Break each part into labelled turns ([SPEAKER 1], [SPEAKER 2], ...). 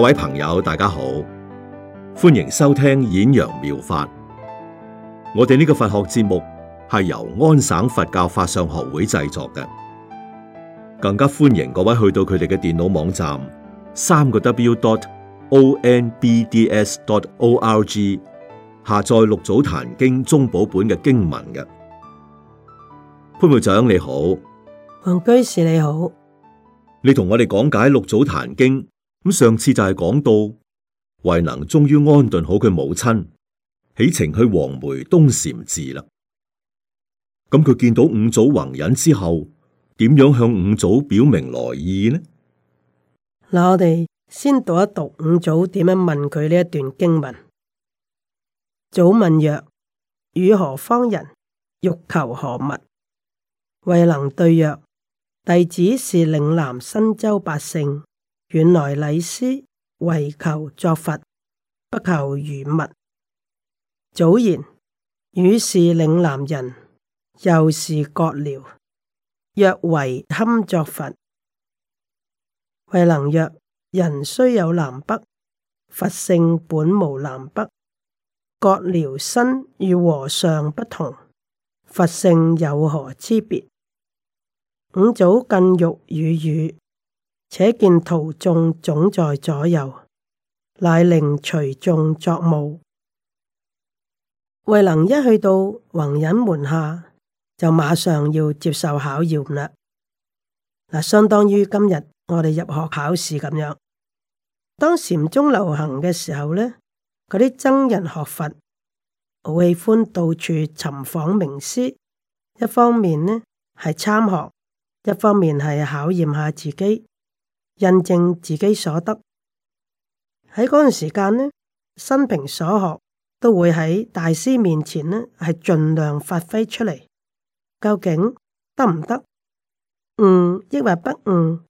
[SPEAKER 1] 各位朋友，大家好，歡迎收聽演揚妙，妙法。我哋呢個佛學節目係由安省佛教法相學會製作嘅，更加歡迎各位去到佢哋嘅電腦網站，三個 w dot o n b d s dot o r g 下載六祖壇經中寶本嘅經文嘅。潘會長你好，
[SPEAKER 2] 黃居士你好，
[SPEAKER 1] 你同我哋講解六祖壇經。咁上次就係講到慧能終於安頓好佢母親，起程去黃梅東禪寺啦。咁佢見到五祖弘忍之後，點樣向五祖表明來意呢？
[SPEAKER 2] 嗱，我哋先讀一讀五祖點樣問佢呢一段經文。祖問曰：汝何方人？欲求何物？慧能對曰：弟子是嶺南新州百姓。原來禮師，為求作佛，不求餘物。祖言：汝是嶺南人，又是國遼，若為堪作佛？為能若人，雖有南北，佛性本無南北，國遼身與和尚不同，佛性有何差別？五祖更欲與語，語。且見徒眾總在左右，乃令隨眾作務。慧能一去到弘忍門下，就馬上要接受考驗啦。嗱，相當於今日我哋入學考試咁樣。當禪宗流行嘅時候，呢嗰啲僧人學佛好喜歡到處尋訪名師，一方面呢係參學，一方面係考驗下自己。印證自己所得。喺嗰段時間呢，生平所學都會喺大師面前呢，係盡量發揮出嚟。究竟得唔得？悟抑或不悟，嗯？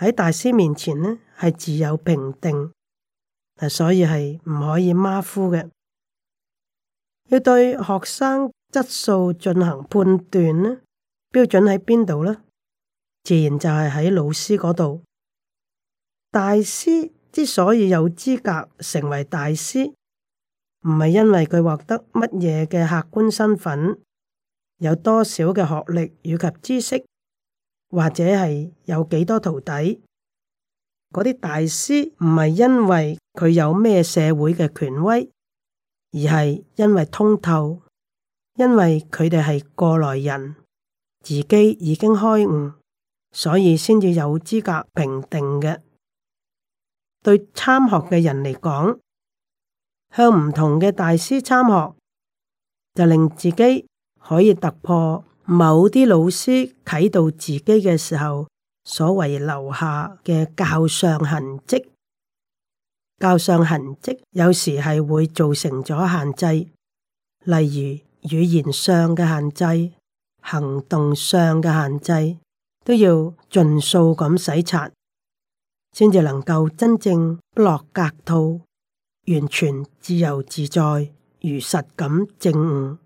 [SPEAKER 2] 喺大師面前呢，係自有評定。嗱，所以係唔可以馬虎嘅。要對學生質素進行判斷呢，標準喺邊度呢？自然就係喺老師嗰度。大師之所以有資格成為大師，唔係因為佢獲得乜嘢嘅客觀身份，有多少嘅學歷以及知識，或者係有幾多徒弟。嗰啲大師唔係因為佢有咩社會嘅權威，而係因為通透，因為佢哋係過來人，自己已經開悟，所以先至有資格評定嘅。對參學嘅人嚟講，向唔同嘅大師參學，就令自己可以突破某啲老師啟導自己嘅時候所謂留下嘅教上痕跡。教上痕跡有時係會造成咗限制，例如語言上嘅限制、行動上嘅限制，都要盡數咁洗刷。先至能夠真正不落格套，完全自由自在如實感正悟。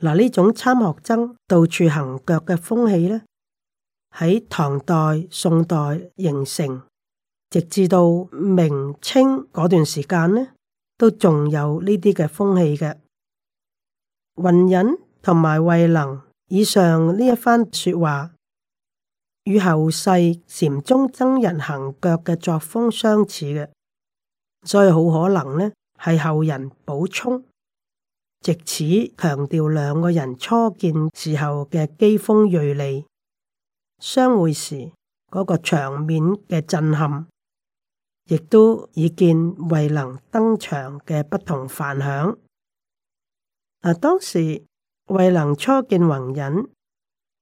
[SPEAKER 2] 嗱，呢種參學僧到處行腳嘅風氣呢，喺唐代、宋代形成，直至到明清嗰段時間呢，都仲有呢啲嘅風氣嘅。雲隱同埋慧能以上呢一番説話。與後世禪宗僧人行腳嘅作風相似嘅，所以好可能呢係後人補充，借此強調兩個人初見時候嘅機鋒銳利，相會時嗰個場面嘅震撼，亦都以見慧能登場嘅不同凡響。嗱，當時慧能初見弘忍。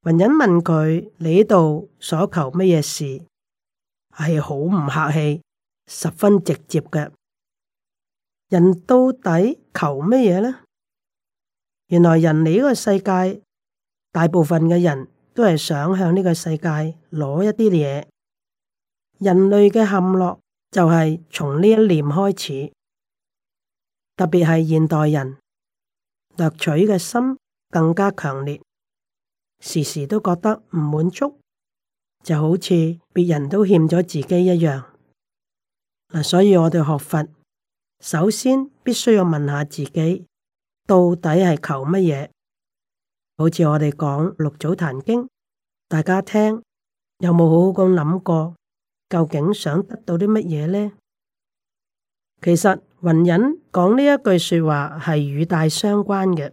[SPEAKER 2] 云人問佢：你度所求乜嘢事？係好唔客氣，十分直接嘅。人到底求乜嘢呢？原來人嚟呢個世界，大部分嘅人都係想向呢個世界攞一啲嘢。人類嘅陷落就係從呢一念開始，特別係現代人掠取嘅心更加強烈。時時都覺得唔滿足，就好似別人都欠咗自己一樣。嗱，所以我哋學佛，首先必須要問問下自己，到底係求乜嘢？好似我哋講《六祖壇經》，大家聽，有冇好好咁諗過，究竟想得到啲乜嘢呢？其實云隱講呢一句說話係與大相關嘅，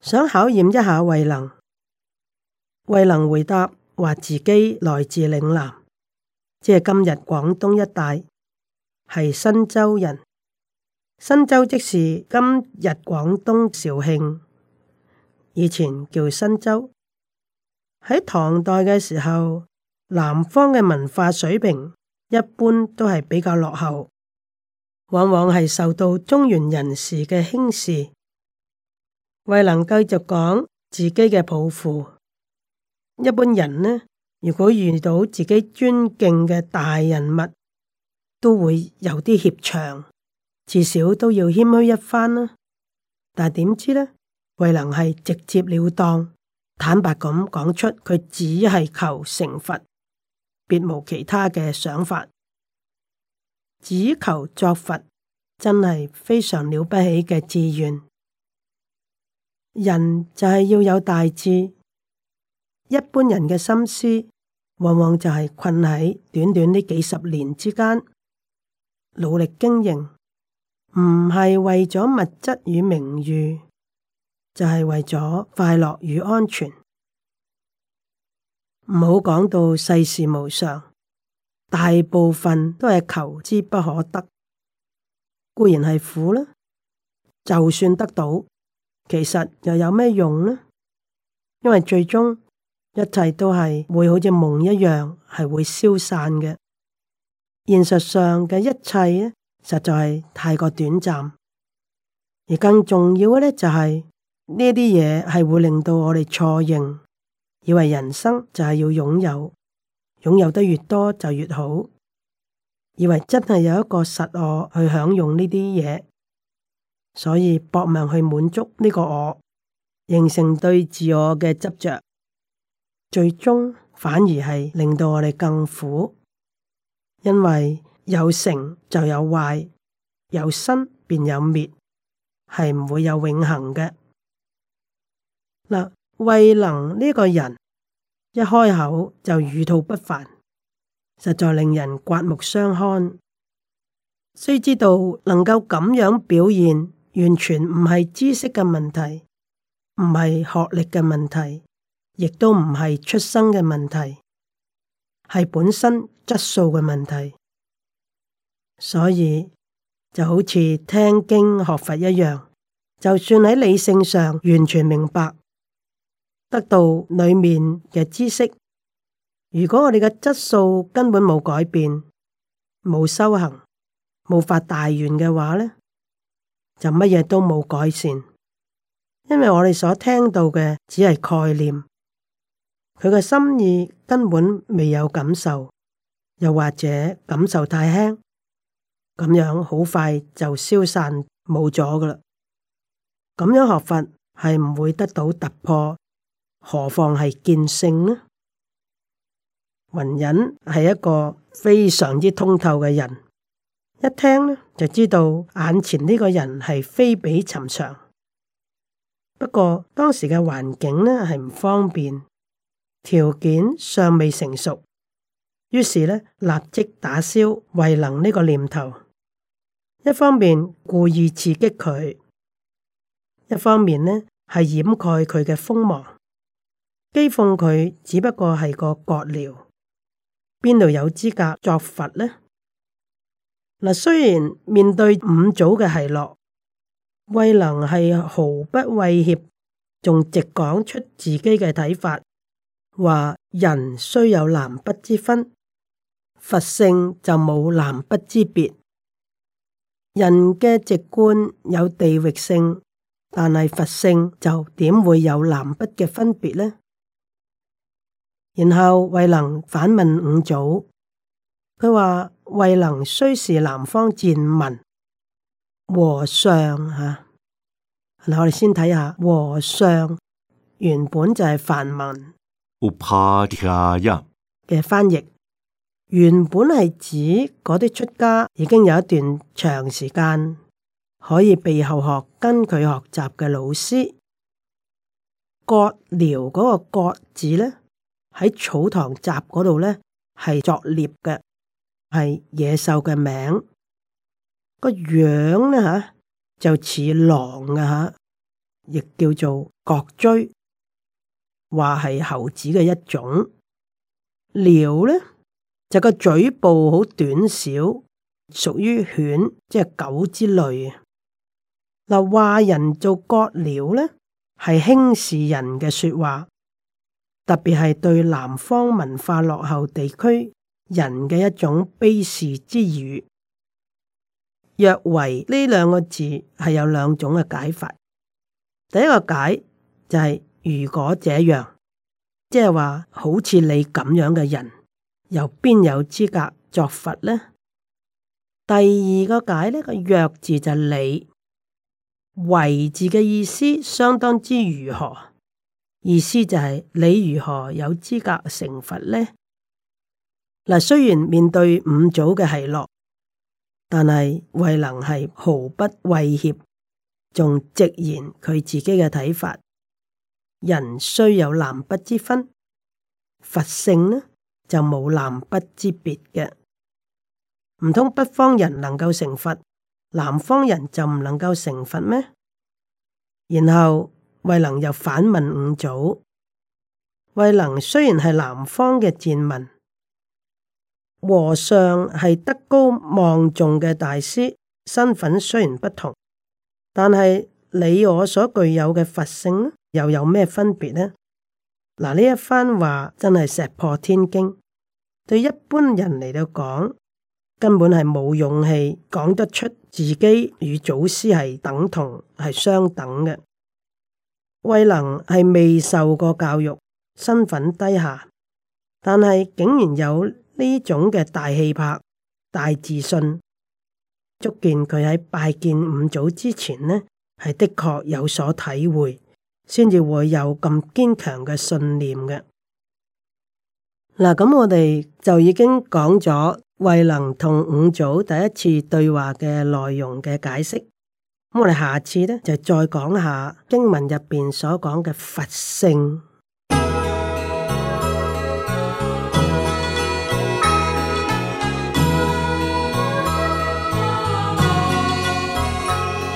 [SPEAKER 2] 想考驗一下慧能。惠能回答：話自己來自嶺南，即係今日廣東一帶，係新州人。新州即是今日廣東肇慶，以前叫新州。喺唐代嘅時候，南方嘅文化水平一般都係比較落後，往往係受到中原人士嘅輕視。惠能繼續講自己嘅抱負。一般人呢，如果遇到自己尊敬嘅大人物，都會有啲怯場，至少都要謙虛一番啦。但點知呢？慧能係直接了當、坦白咁講出，佢只係求成佛，別無其他嘅想法，只求作佛，真係非常了不起嘅志願。人就係要有大志。一般人嘅心思，往往就係困喺短短呢幾十年之間，努力經營，唔係為咗物質與名譽，就係為咗快樂與安全。唔好講到世事無常，大部分都係求之不可得，固然係苦啦。就算得到，其實又有咩用呢？因為最終，一切都係會好似夢一樣，係會消散嘅。現實上嘅一切咧，實在係太過短暫。而更重要嘅呢，就是，就係呢啲嘢係會令到我哋錯認，以為人生就係要擁有，擁有得越多就越好。以為真係有一個實我去享用呢啲嘢，所以搏命去滿足呢個我，形成對自我嘅執着。最終反而係令到我哋更苦，因為有成就有壞，有生便有滅，係唔會有永恒嘅。嗱，慧能呢個人一開口就語吐不凡，實在令人刮目相看。須知道能夠咁樣表現，完全唔係知識嘅問題，唔係學歷嘅問題。亦都唔係出生嘅問題，係本身質素嘅問題。所以就好似聽經學佛一樣，就算喺理性上完全明白，得到裏面嘅知識，如果我哋嘅質素根本冇改變，冇修行，冇發大願嘅話呢，就乜嘢都冇改善。因為我哋所聽到嘅只係概念。佢嘅心意根本未有感受，又或者感受太輕，咁樣好快就消散冇咗噶啦。咁樣學法係唔會得到突破，何況係見性呢？雲隱係一個非常之通透嘅人，一聽就知道眼前呢個人係非比尋常。不過當時嘅環境呢係唔方便。條件尚未成熟，於是呢，立即打消慧能呢個念頭。一方面故意刺激佢，一方面呢係掩蓋佢嘅鋒芒，譏諷佢只不過係個獦獠，邊度有資格作佛呢？嗱，雖然面對五祖嘅奚落，慧能係毫不畏怯，仲直講出自己嘅睇法。話人雖有南北之分，佛性就冇南北之別。人嘅直觀有地域性，但係佛性就點會有南北嘅分別呢？然後惠能反問五祖，佢話惠能雖是南方賤民和尚吓，嗱、啊、我哋先睇下和尚原本就係梵文。嘅翻譯原本係指嗰啲出家已經有一段長時間可以背後學，跟佢學習嘅老師。角聊嗰個角字呢，喺草堂集嗰度呢，係作獵嘅，係野獸嘅名。個樣呢，吓就似狼啊吓，亦叫做角錐。話係猴子嘅一種，獠呢，就個、是、嘴部好短小，屬於犬，即係狗之類。嗱，話人做獦獠呢，係輕視人嘅說話，特別係對南方文化落後地區人嘅一種卑視之語。若為呢兩個字，係有兩種嘅解法。第一個解就係、是。如果這樣，即係話，好似你咁樣嘅人，又邊有資格作佛呢？第二個解呢、這個弱字就係你為字嘅意思，相當之如何？意思就係你如何有資格成佛呢？嗱，雖然面對五祖嘅奚落，但係惠能係毫不畏怯，仲直言佢自己嘅睇法。人雖有南北之分，佛性呢就冇南北之別嘅唔通北方人能夠成佛，南方人就唔能夠成佛咩？然後慧能又反問五祖：慧能雖然係南方嘅賤民，和尚係德高望重嘅大師，身份雖然不同，但係你我所具有嘅佛性呢，又有咩分別呢？嗱，呢一番話真係石破天驚，對一般人嚟到講，根本係冇勇氣講得出自己與祖師係等同係相等嘅。慧能係未受過教育，身份低下，但係竟然有呢種嘅大氣魄、大自信，足見佢喺拜見五祖之前呢，係的確有所體會。先至會有咁堅強嘅信念嘅。嗱，咁我哋就已經講咗慧能同五祖第一次對話嘅內容嘅解釋。咁我哋下次咧就再講下經文入邊所講嘅佛性。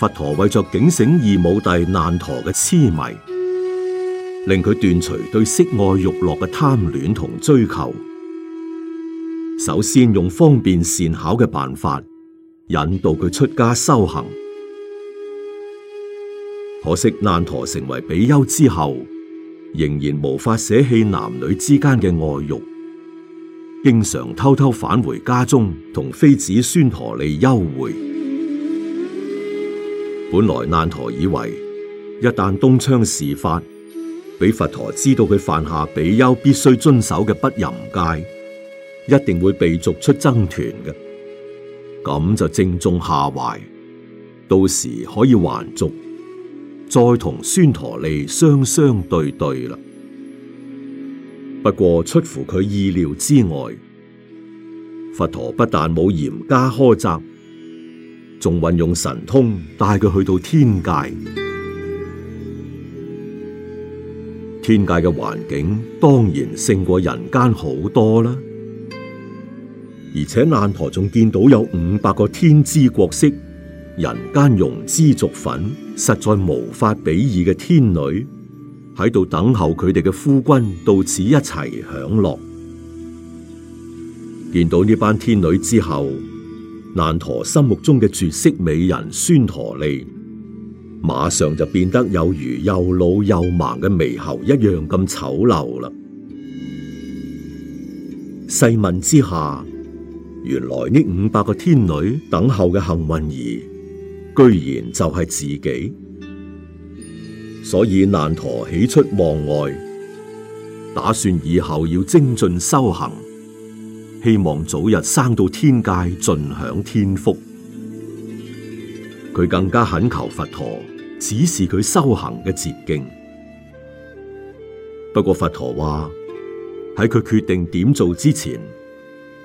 [SPEAKER 1] 佛陀為咗警醒異母弟難陀嘅痴迷，令佢斷除對色愛欲落嘅貪戀同追求。首先用方便善巧嘅辦法引導佢出家修行。可惜難陀成為比丘之後，仍然無法捨棄男女之間嘅愛欲，經常偷偷返回家中同妃子孫陀利幽會。本來難陀以為，一旦東窗事發，俾佛陀知道佢犯下比丘必須遵守嘅不淫戒，一定會被逐出僧團嘅。咁就正中下懷，到時可以還俗，再同孫陀利雙雙對對啦。不過出乎佢意料之外，佛陀不但冇嚴加苛責。仲運用神通帶佢去到天界，天界嘅環境當然勝過人間好多啦。而且難陀仲見到有五百個天姿國色、人間庸脂俗粉，實在無法比擬嘅天女喺度等候佢哋嘅夫君到此一齊享樂。見到呢班天女之後，難陀心目中嘅絕色美人孫陀利，馬上就變得有如又老又盲嘅獼猴一樣咁醜陋啦！細問之下，原來呢五百個天女等候嘅幸運兒，居然就係自己，所以難陀喜出望外，打算以後要精進修行。希望早日生到天界，盡享天福。佢更加懇求佛陀指示佢修行嘅捷徑。不過佛陀話喺佢決定點做之前，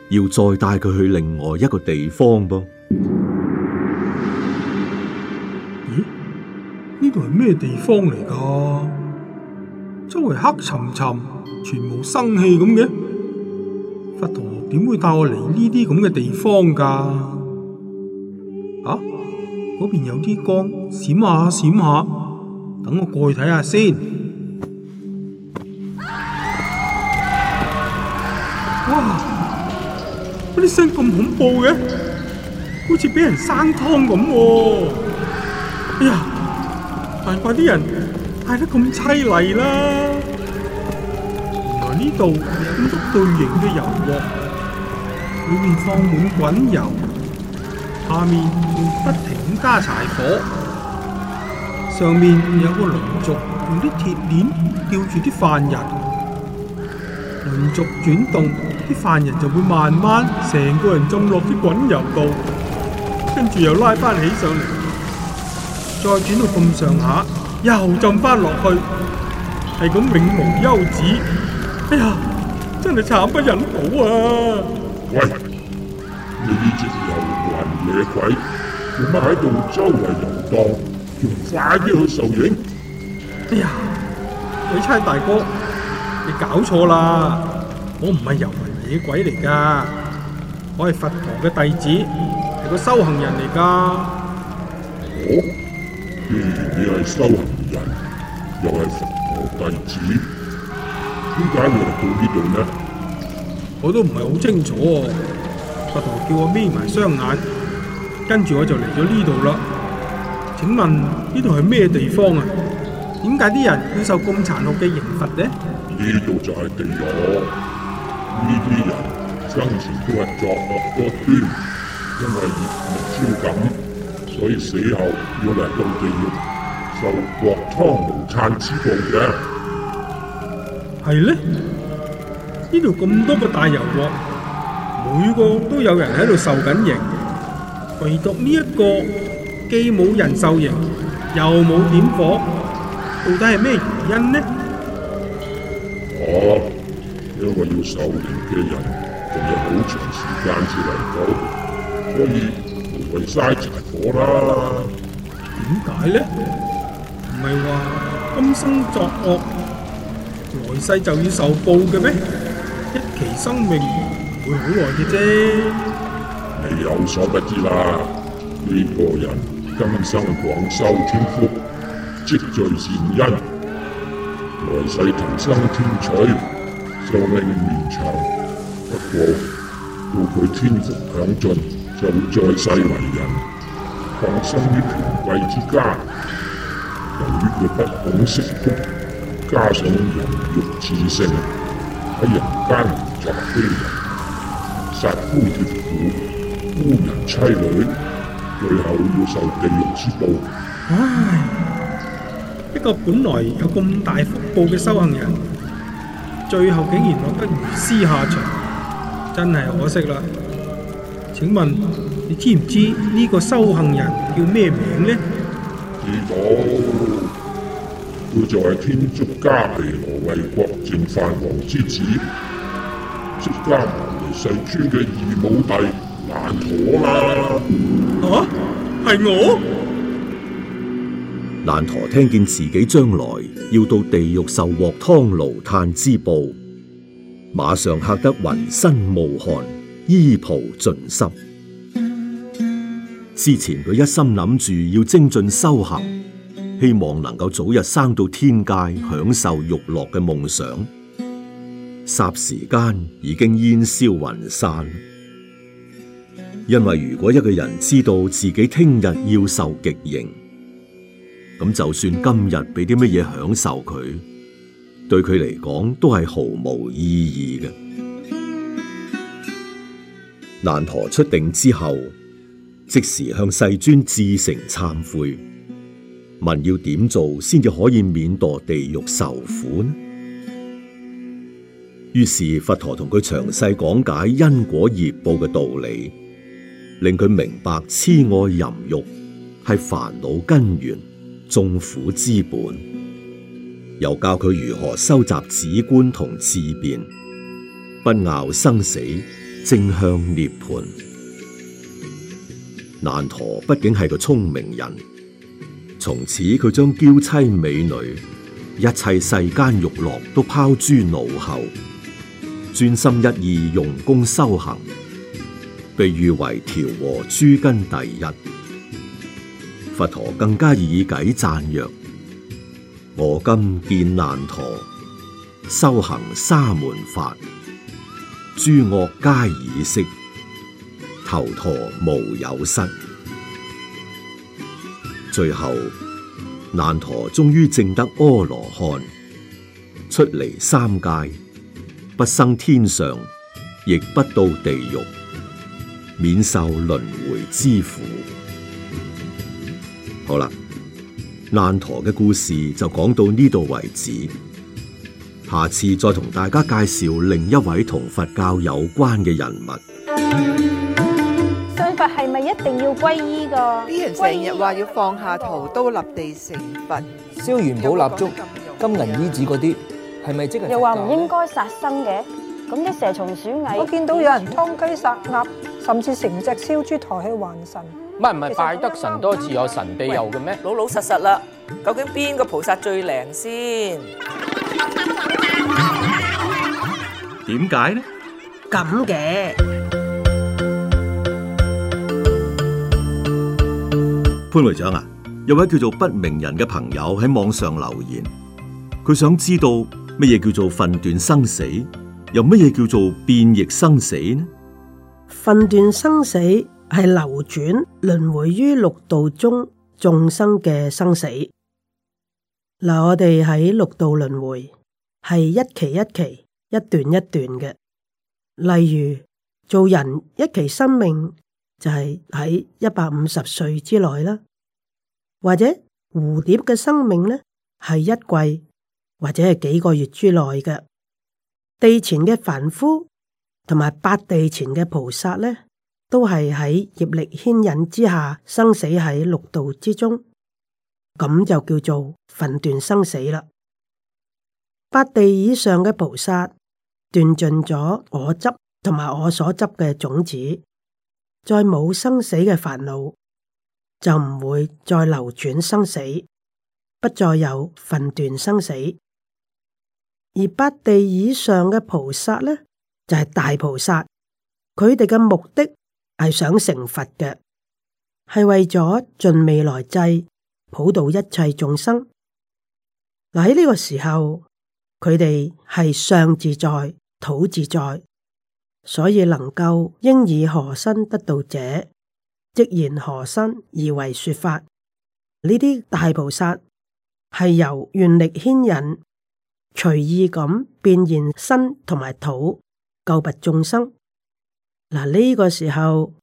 [SPEAKER 1] 要再帶佢去另外一個地方噃。
[SPEAKER 3] 咦？呢度係咩地方嚟㗎？周圍黑沉沉，全無生氣咁嘅。點會帶我嚟呢啲咁嘅地方噶？啊，嗰邊有啲光閃下閃下，等我過去睇下先。啊、哇！啲聲咁恐怖嘅，好似俾人生湯咁，啊。哎呀，難怪啲人嗌得咁淒厲啦。原來呢度有咁多對型嘅人喎，啊。裏面放滿滾油，下面仲不停咁加柴火，上面仲有個輪軸用啲鐵鏈吊住啲犯人，輪軸轉動，啲犯人就會慢慢成個人浸落啲滾油度，跟住又拉翻起上嚟，再轉到咁上下，又浸翻落去，係咁永無休止。
[SPEAKER 2] 哎呀，
[SPEAKER 4] 真係慘不忍睹啊！喂，你呢隻遊魂野鬼做乜喺度周圍遊蕩，仲快啲去受刑！哎
[SPEAKER 3] 呀，鬼差大哥，你搞錯啦，我唔係遊魂野鬼嚟噶，我係佛陀嘅弟子，係個修行人嚟噶。
[SPEAKER 4] 哦，既然你係修行人，又係佛陀弟子，點解會嚟到呢度呢？
[SPEAKER 3] 我都唔係好清楚，啊，佛陀叫我眯埋雙眼，跟住我就嚟咗呢度啦。請問呢度係咩地方啊？點解啲人要受咁殘酷嘅刑罰呢？
[SPEAKER 4] 呢度就係地獄，呢啲人生前都係作惡多端，因為惡業招感，所以死後要嚟到地獄受鑊湯爐炭之苦嘅。
[SPEAKER 3] 係咧。呢度咁多個大油鑊，每個都有人喺度受緊刑，唯獨呢一個既冇人受刑又冇點火，到底係咩原因呢？
[SPEAKER 4] 哦，因為要受刑嘅人仲有好長時間至嚟到，所以唔會嘥柴火啦。
[SPEAKER 3] 點解呢？唔係話今生作惡，來世就要受報嘅咩？一期生命會好耐嘅啫，
[SPEAKER 4] 你有所不知啦。呢個人今生廣修天福，積聚善因，來世投生天趣，壽命綿長。不過，到佢天福享盡，就再世為人，降生於權貴之家。由於佢不懂惜福，加上淫欲熾盛。喺人間作為非人，殺夫奪婦，污人妻女，最後要受地獄之報。唉，
[SPEAKER 3] 一個本來有咁大福報嘅修行人，最後竟然落得如斯下場，真係可惜啦。請問你知唔知呢個修行人叫咩名呢？
[SPEAKER 4] 師傅。佢就係天竺迦毗羅衛國淨飯王之子，即迦牟尼世尊嘅異母弟難陀啦。
[SPEAKER 3] 啊，係我。
[SPEAKER 1] 難陀聽見自己將來要到地獄受鑊湯爐炭之報，馬上嚇得渾身冒汗，衣袍盡濕。之前佢一心諗住要精進修行。希望能夠早日生到天界享受欲樂嘅夢想，霎時間已經煙消雲散。因為如果一個人知道自己聽日要受極刑，咁就算今日俾啲乜嘢享受佢，對佢嚟講都係毫無意義嘅。難陀出定之後，即時向世尊至誠懺悔。問，要點做先至可以免墮地獄受苦呢？於是佛陀同佢詳細講解因果業報嘅道理，令佢明白痴愛淫欲係煩惱根源、眾苦之本，又教佢如何收集止觀同自辯，不熬生死，正向涅槃。難陀畢竟係個聰明人。從此佢將嬌妻美女、一切世間欲樂都拋諸腦後，專心一意用功修行，被譽為調和諸根第一。佛陀更加以偈讚曰：我今見難陀修行沙門法，諸惡皆已息，頭陀無有失。最後，難陀終於證得阿羅漢，出離三界，不生天上，亦不到地獄，免受輪迴之苦。好啦，難陀嘅故事就講到呢度為止，下次再同大家介紹另一位同佛教有關嘅人物。
[SPEAKER 3] 係咪一定要皈依噶？啲人成日話要放下屠刀立地成
[SPEAKER 1] 佛，燒元寶蠟燭、金銀衣紙嗰啲，係咪即係？又話唔應
[SPEAKER 2] 該殺生嘅，咁啲蛇蟲鼠蟻，我見到有人劏雞殺鴨，甚至成隻燒豬抬去還神。
[SPEAKER 1] 乜唔係拜得神多自有神庇佑嘅咩？老老實實啦，究竟邊個菩薩最靈先？點解呢？
[SPEAKER 2] 咁嘅。
[SPEAKER 1] 潘會長啊，有位叫做不明人嘅朋友喺網上留言，佢想知道乜嘢叫做分段生死，又乜嘢叫做變易生死呢？
[SPEAKER 2] 分段生死係流轉輪迴於六道中眾生嘅生死。嗱，我哋喺六道輪迴係一期一期、一段一段嘅，例如做人一期生命。就係喺一百五十歲之內啦，或者蝴蝶嘅生命呢，係一季或者係幾個月之內嘅。地前嘅凡夫同埋八地前嘅菩薩呢，都係喺業力牽引之下生死喺六道之中，咁就叫做分段生死啦。八地以上嘅菩薩斷盡咗我執同埋我所執嘅種子。再冇生死嘅煩惱，就唔會再流轉生死，不再有分段生死。而八地以上嘅菩薩呢，就係、是、大菩薩，佢哋嘅目的係想成佛嘅，係為咗盡未來際，普渡一切眾生。嗱喺呢個時候，佢哋係上自在、土自在。所以能夠應以何身得道者，即現何身而為說法。呢啲大菩薩係由願力牽引，隨意咁變現身同埋土，救拔眾生。嗱、這、呢個時候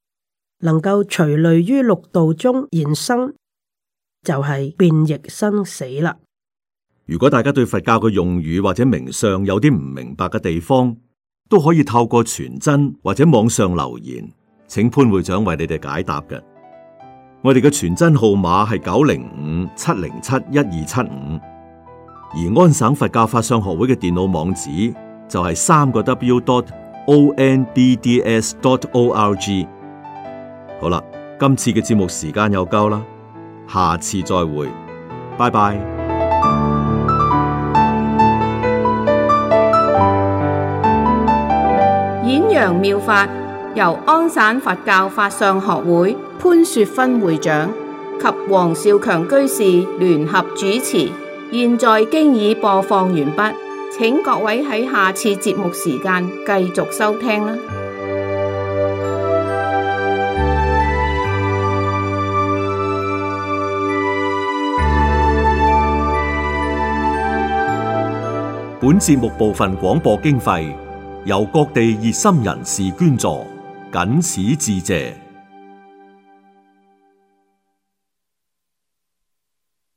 [SPEAKER 2] 能夠隨類於六道中現身，就係、是、變易生死啦。
[SPEAKER 1] 如果大家對佛教嘅用語或者名相有啲唔明白嘅地方，都可以透過傳真或者網上留言，請潘會長為你哋解答嘅。我哋嘅傳真號碼係九零五七零七一二七五，75, 而安省佛教法相學會嘅電腦網址就係三個 W dot O N D D S dot O R G。好啦，今次嘅節目時間又夠啦，下次再會，拜拜。
[SPEAKER 2] 妙法由安省佛教法相學會潘雪芬會長及黃少強居士聯合主持，現在經已播放完畢，請各位喺下次節目時間繼續收聽啦。
[SPEAKER 1] 本節目部分廣播經費。由各地熱心人士捐助，謹此致謝。